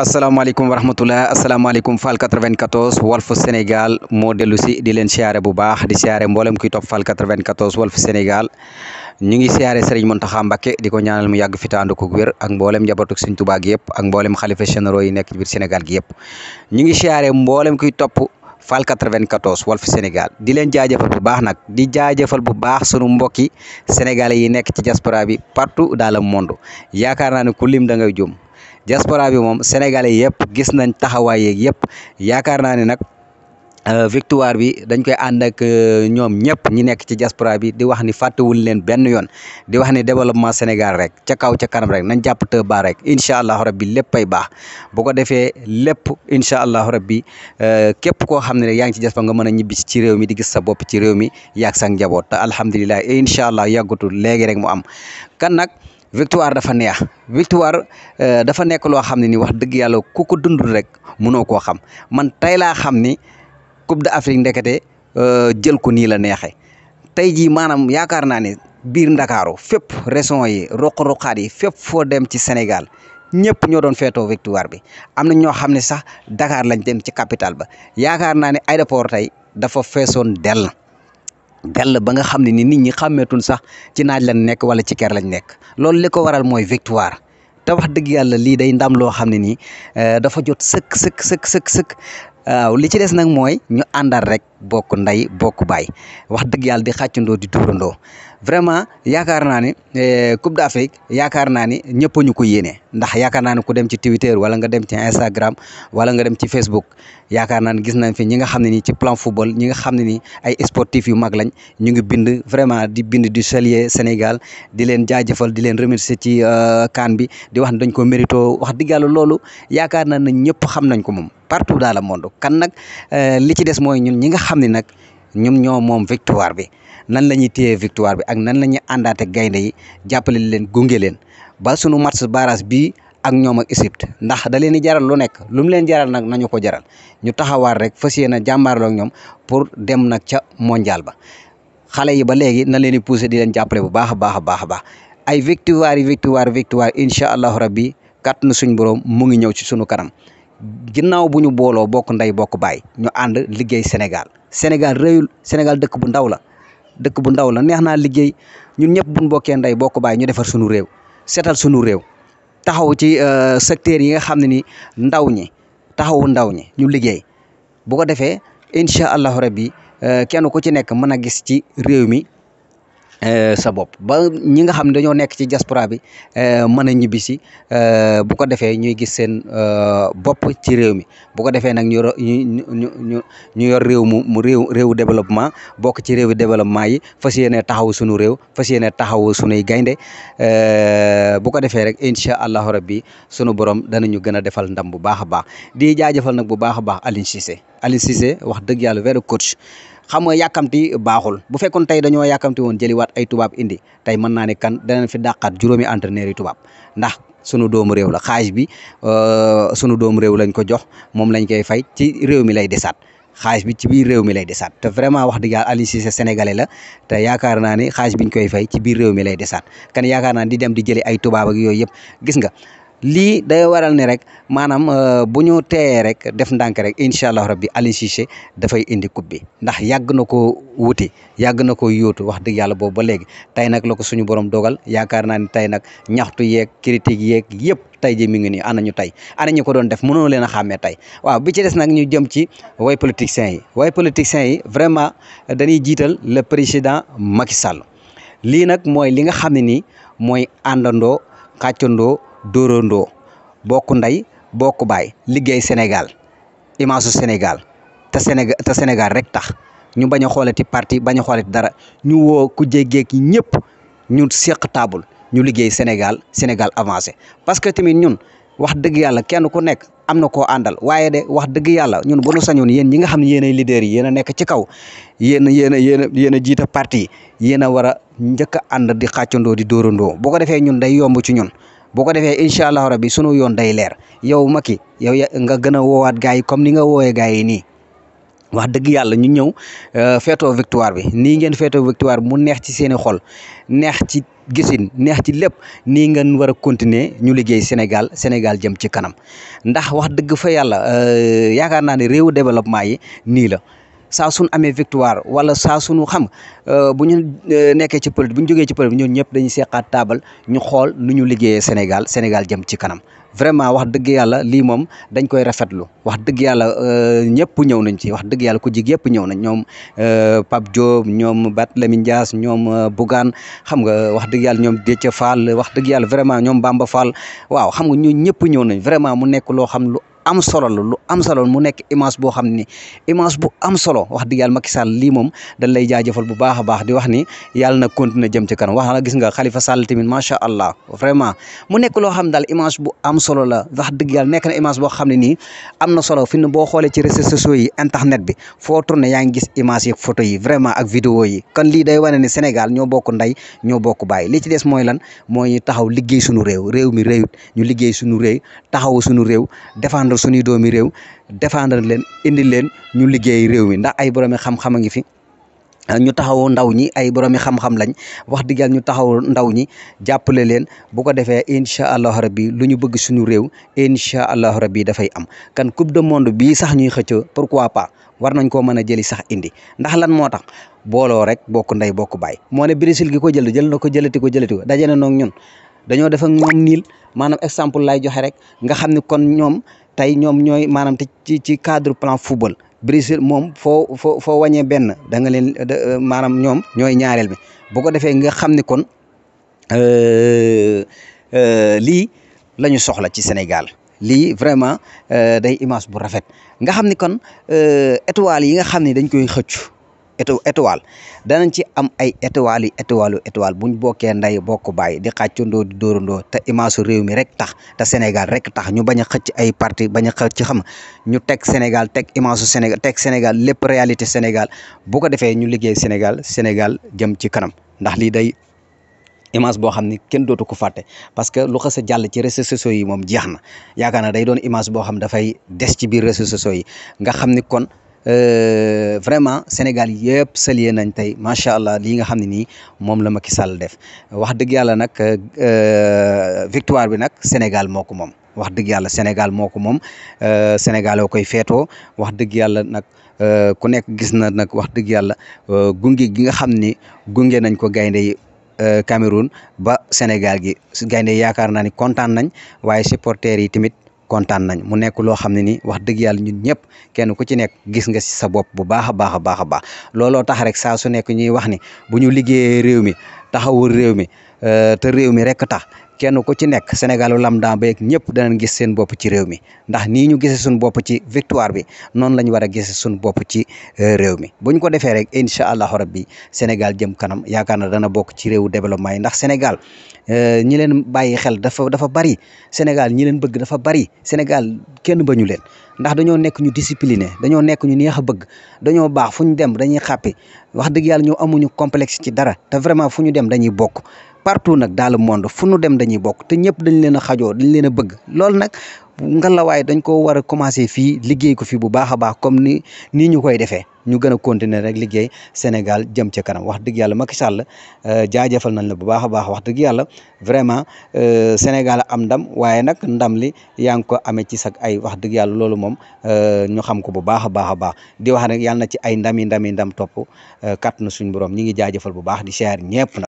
asalaamaaleykum wa rahmatulah asalaamaaleykum Fall 94 Walf Sénégal moo dellu si di leen siyaare bu baax di siyaare mboolem kuy topp Fall 94 Walf Sénégal ñu ngi siyaare Serigne Mountakha Mbacké di ko ñaanal mu yàgg fi tànd ko ak mboolem njabootu Serigne Touba gi yëpp ak mboolem xalifa généraux yi nekk ci biir Sénégal gi yëpp ñu ngi siyaare mboolem kuy topp. Fall 94 Walf Sénégal di leen jaajëfal bu baax nag di jaajëfal bu baax sunu mbokki sénégalais yi nekk ci diaspora bi partout daal le monde yaakaar naa ne ku lim da ngay jum diaspora bi moom sénégalais yëpp gis nañ taxawaay yeeg yëpp yaakaar naa ne nag euh, victoire bi dañ koy ànd ak euh, ñoom ñëpp ñi nekk ci diaspora bi di wax ni fàttewul leen benn yoon di wax ni développement Sénégal rek ca kaw ca kanam rek nañ jàpp te rek incha allahu rabbi lépp baax bu ko defee lépp incha allahu rabbi euh, képp koo xam ne rek yaa ngi ci diaspora nga mën a ñibbi ci réew mi di gis sa bopp ci réew mi yaag sa njaboot te incha allah yàggutul léegi rek mu am kan victoire dafa neex victoire euh, dafa nekk loo xam ne ni wax dëgg yàlla ku ko dundul rek mënoo koo xam man tey laa xam ni Coupe d'Afrique ndekete euh, jël ko nii la neexee tey jii maanaam yaakaar naa ne biir Ndakaaru fépp régions yi roq-roqaat yi fépp foo dem ci Sénégal ñëpp ñoo doon feetoo victoire bi am na ñoo xam ne sax dakaar la dem ci capital ba yaakaar naa ne aéroport tey dafa feesoon dell gàll ba nga xam ne ni nit ñi xàmmeetun sax ci naaj lañ nekk wala ci ker lañ nekk loolu li ko waral mooy victoire te wax dëgg yàlla lii day ndam loo xam ne nii euh, dafa jot sëkk sëkk sëkk sëkk sëkk waaw li ci des nag mooy ñu àndal rek bokk ndey bokk baay wax dëgg yàlla di xàccandoo di tuurandoo vraiment yaakaar naa ni eh, Coupe d'Afrique yaakaar naa ni ñëpp ñu ko yéene ndax yaakaar naa ne ku dem ci Twitter wala nga dem ci Instagram wala nga dem ci Facebook yaakaar naa ne gis nañ fi ñi nga xam ne nii ci plan football ñi nga xam ne nii ay sportif yu mag lañ ñu ngi bind vraiment di bind di saluer Sénégal di leen jaajëfal di leen remercier ci euh, CAN bi di wax ne dañ ko mérito wax dëgg yàlla loolu yakaar naa ne ñëpp xam nañ ko moom. partout dans le monde kan nag euh, li ci des mooy ñun ñi nga xam ne nag ñoom ñoo moom victoire bi nan la ñuy téye victoire bi ak nan la ñuy àndaate gaynde yi jàppale leen gunge leen ba sunu match barrage bi ak ñoom ak ndax da leen di jaral lu nekk lu leen jaral nag ñu ko jaral ñu taxawaar rek fas yéene jàmbaarloo ak ñoom pour dem nag ca mondial ba xale yi ba léegi na leen di poussé di leen jàppale bu baax a baax a baax a baax ay victoire victoire victoire incha allahu rabbi kat na suñ borom mu ngi ñëw ci sunu kanam ginnaaw bu ñu booloo bokk ndey bokk baay ñu ànd liggéey Sénégal Sénégal réyul Sénégal dëkk bu ndaw la dëkk bu ndaw la neex naa liggéey ñun ñëpp buñ bokkee ndey bokk baay ñu defar suñu réew setal suñu réew taxaw ci euh, secteurs yi nga xam ne ni ndaw ñi taxawu ndaw ñi ñu liggéey bu ko defee incha allahu rabbi euh, kenn ku ci nekk mën a gis ci réew mi Eh, sa bopp ba ñi nga xam ne dañoo nekk ci diaspora bi eh, mën a ñibbisi eh, bu ko defee ñuy gis seen bopp ci réew mi bu ko defee nag ñu ñu ñu ñu yor réew mu mu réew réewu développement bokk ci réew développement yi fas yéene taxaw suñu réew fas yéene taxaw suñuy gaynde bu ko defee rek incha allahu rabbi sunu borom danañu gën a defal ndam bu baax a baax di jaajëfal nag bu baax a baax Aliou Cissé Aliou wax dëgg yàlla weeru coach xam nga yàkkamti baaxul bu fekkoon tey dañoo yàkkamti woon jëliwaat ay tubaab indi tey mën naa ne kan danañ fi dàqaat juróomi entraîneur yi tubaab ndax sunu doomu réew la xaaj bi euh, sunu doomu réew lañ ko jox moom lañ koy fay ci réew mi lay desaat xaalis bi ci biir réew mi lay desaat te vraiment wax dëgg yàlla Aliou la te yaakaar naa ne xaalis biñ koy fay ci biir réew mi lay desaat kan yaakaar naa di dem di jëli ay tubaab ak yooyu yëpp gis nga lii day waral ni rek maanaam euh, bu ñu teeyee rek def ndànk rek incha allah rabbi Aliou Cissé dafay indi coupe bi ndax yàgg na ko wuti yàgg na ko yóotu wax dëgg yàlla boobu ba léegi tey nag la ko suñu borom dogal yaakaar naa ni tey nag ñaxtu yeeg critique yeeg yëpp tey ji mi ngi nii ana ñu tey ana ñu ko doon def mënoo leen a xàmmee tey waaw bi ci des nag ñu jëm ci way politiciens yi way politiciens yi vraiment dañuy jiital le président Macky Sall lii nag mooy li nga xam ne nii mooy àndandoo xàccandoo dóorandoo ku ndey boo bokk baay liggéey Sénégal image su Sénégal te Sénégal te Sénégal rek tax ñu bañ a ti parti bañ a xoolati dara ñu woo ku jéggeeg ñëpp ñu seq taabul ñu liggéey Sénégal Sénégal avancé parce que tamit ñun wax dëgg yàlla kenn ku nekk am na koo àndal waaye de wax dëgg yàlla ñun bu nu sañoon yéen ñi nga xam ne yéen ay leaders yéen nekk ci kaw yéen a yéen a yéen yéen a jiite parti yi yéen a war a njëkk a ànd di xàccandoo di dóorandoo bu ko defee ñun day yomb ci ñun boo ko defee incha allahu rabbi sunu yoon day leer yow Macky yow ya nga gën a woowaat gars yi comme ni nga woowee gars yi nii wax dëgg yàlla ñu ñëw euh, feetoo victoire bi nii ngeen feetoo victoire bi mu neex ci seeni xol neex ci gisin neex ci lépp nii ngeen war a continuer ñu liggéey Sénégal Sénégal jëm ci kanam ndax wax dëgg fa yàlla euh, yaakaar naa ne réewu développement yi nii la saa suñ amee victoire wala saa sunu xam euh, bu ñu euh, nekkee ci politique bu ñu jógee ci politique ñun ñëpp dañuy seqaat taabal ñu xool nu ñu liggéeyee Sénégal Sénégal jëm ci kanam vraiment wax dëgg yàlla lii moom dañ koy rafetlu wax dëgg yàlla euh, ñëpp ñëw nañ ci wax dëgg yàlla ku jig yëpp ñëw nañ ñoom Pape Diop ñoom Barthélémy Dias ñoom Bougane xam nga wax dëgg yàlla ñoom Déthié Fall wax dëgg yàlla vraiment ñoom Bamba Fall waaw xam nga ñu ñëpp ñëw nañ vraiment mu nekk loo xam lu am solo la lu am solo mu nekk image boo xam ni image bu am solo wax dëgg yàlla Macky Sall lii moom dañ lay jaajëfal bu baax a baax di wax ni yàlla na continuer jëm ci kanam wax na gis nga xalifa Sall tamit macha allah vraiment mu nekk loo xam daal image bu am solo wax dëgg yàlla nekk na image boo xam ne nii am na solo fi mu boo xoolee ci réseaux sociaux yi internet bi foo tourné yaa ngi gis image yi photo yi vraiment ak vidéo yi kan lii day wane ni Sénégal ñoo bokk ndey ñoo bokk baay li ci des mooy lan mooy taxaw liggéey suñu réew réew mi réew ñu liggéey suñu réew taxaw suñu réew défendre suñuy doomi réew défendre leen indi leen ñu liggéey réew mi ndax ay boroomi xam-xam a ngi fi ñu taxaw ndaw ñi ay boroomi xam-xam lañ wax dëgg yàlla ñu taxaw ndaw ñi jàppale leen bu ko defee incha allahu rabbi lu ñu bëgg suñu réew incha allahu rabbi dafay am kan coupe du monde bii sax ñuy xëccoo pourquoi pas war nañ koo mën a jëli sax indi ndax lan moo tax booloo rek bokk ndey bokk baay moo ne Brésil gi ko jël jël na ko jëlati ko jëlati ko daje na noog ñun dañoo defa ak ñoom niil maanaam exemple lay joxe rek nga xam ne kon ñoom tey ñoom ñooy maanaam ci ci cadre plan football Brésil moom foo foo foo wàññee benn da nga leen euh, maanaam ñoom ñooy ñaareel bi bu ko defee nga xam ne kon euh, euh, lii la ñu soxla ci Sénégal lii vraiment day image bu rafet nga xam ni kon étoiles yi nga xam ne dañ koy xëcc. étoile danañ ci am ay étoile yi étoile yu étoile buñ bokkee nday bokk bàyyi di xàccandoo di dóorandoo te image su réew mi rek tax te Sénégal rek tax ñu bañ xëcc ay partie bañ a xëcc xam ñu teg Sénégal teg image su Sénégal teg Sénégal lépp réalité Sénégal bu ko defee ñu liggéey Sénégal Sénégal jëm ci kanam ndax lii day image boo xam ne kenn dootu ko fàtte parce que lu xas a jàll ci réseaux sociaux yi moom jeex na yaakaar na day doon imance boo xam dafay des ci biir réseaux yi Euh, vraiment Sénégal yëpp salié nañ tey macha allah lii nga xam ne nii moom la Macky Sall def wax dëgg yàlla nag euh, euh, victoire bi nag Sénégal moo ko moom wax dëgg yàlla Sénégal moo ko moom Sénégal oo koy feetoo wax dëgg yàlla nag ku nekk gis na nag wax dëgg yàlla gunge gi nga xam ni gunge nañ ko gaynde yi Cameroun ba Sénégal gi gaynde yaakaar naa ni kontaan nañ waaye supporters yi tamit. kontaan nañ mu nekk loo xam ne ni wax dëgg yàlla ñun ñëpp kenn ku ci nekk gis nga si sa bopp bu baax a baax a baax a baax looloo tax rek saa su nekk ñuy wax ni bu ñu liggéeyee réew mi taxawul réew mi Eh, te réew mi rek tax kenn ku ci nekk Sénégalu lambda beeg ñëpp danañ gis seen bopp ci réew mi ndax ni ñu gisee suñu bopp ci victoire bi noonu la ñu war a gisee suñu bopp ci eh, réew mi bu ñu ko defee rek incha allahu rabbi Sénégal jëm kanam yaakaar na dana bokk ci réewu développement yi ndax Sénégal eh, ñi leen bàyyi xel dafa dafa bari Sénégal ñi leen bëgg dafa bari Sénégal kenn bañu leen ndax dañoo nekk ñu discipliné dañoo nekk ñu neex a bëgg dañoo baax fu ñu dem dañuy xàppi wax dëgg yàlla ñu amuñu complexe ci dara te vraiment fu ñu dem dañuy bokk partout nag daal le monde fu nu dem dañuy bokk te ñëpp dañ leen a xajoo dañ leen a bëgg loolu nag ngalawaay dañ ko war a commencé fii liggéey ko fii bu baax a baax comme ni nii ñu koy defee ñu gën a continuer rek liggéey Sénégal jëm ca kanam wax dëgg yàlla Macky Sall euh, jaajëfal nañ la bu baax a baax wax dëgg yàlla vraiment euh, Sénégal am ndam waaye nag ndam li yaa ngi ko amee ci sag ay wax dëgg yàlla loolu moom euh, ñu xam ko bu baax a baax a baax di wax rek yàlla ci ay ndami ndami ndam topp kat na suñ borom ñi ngi jaajëfal bu baax di cher ñëpp nag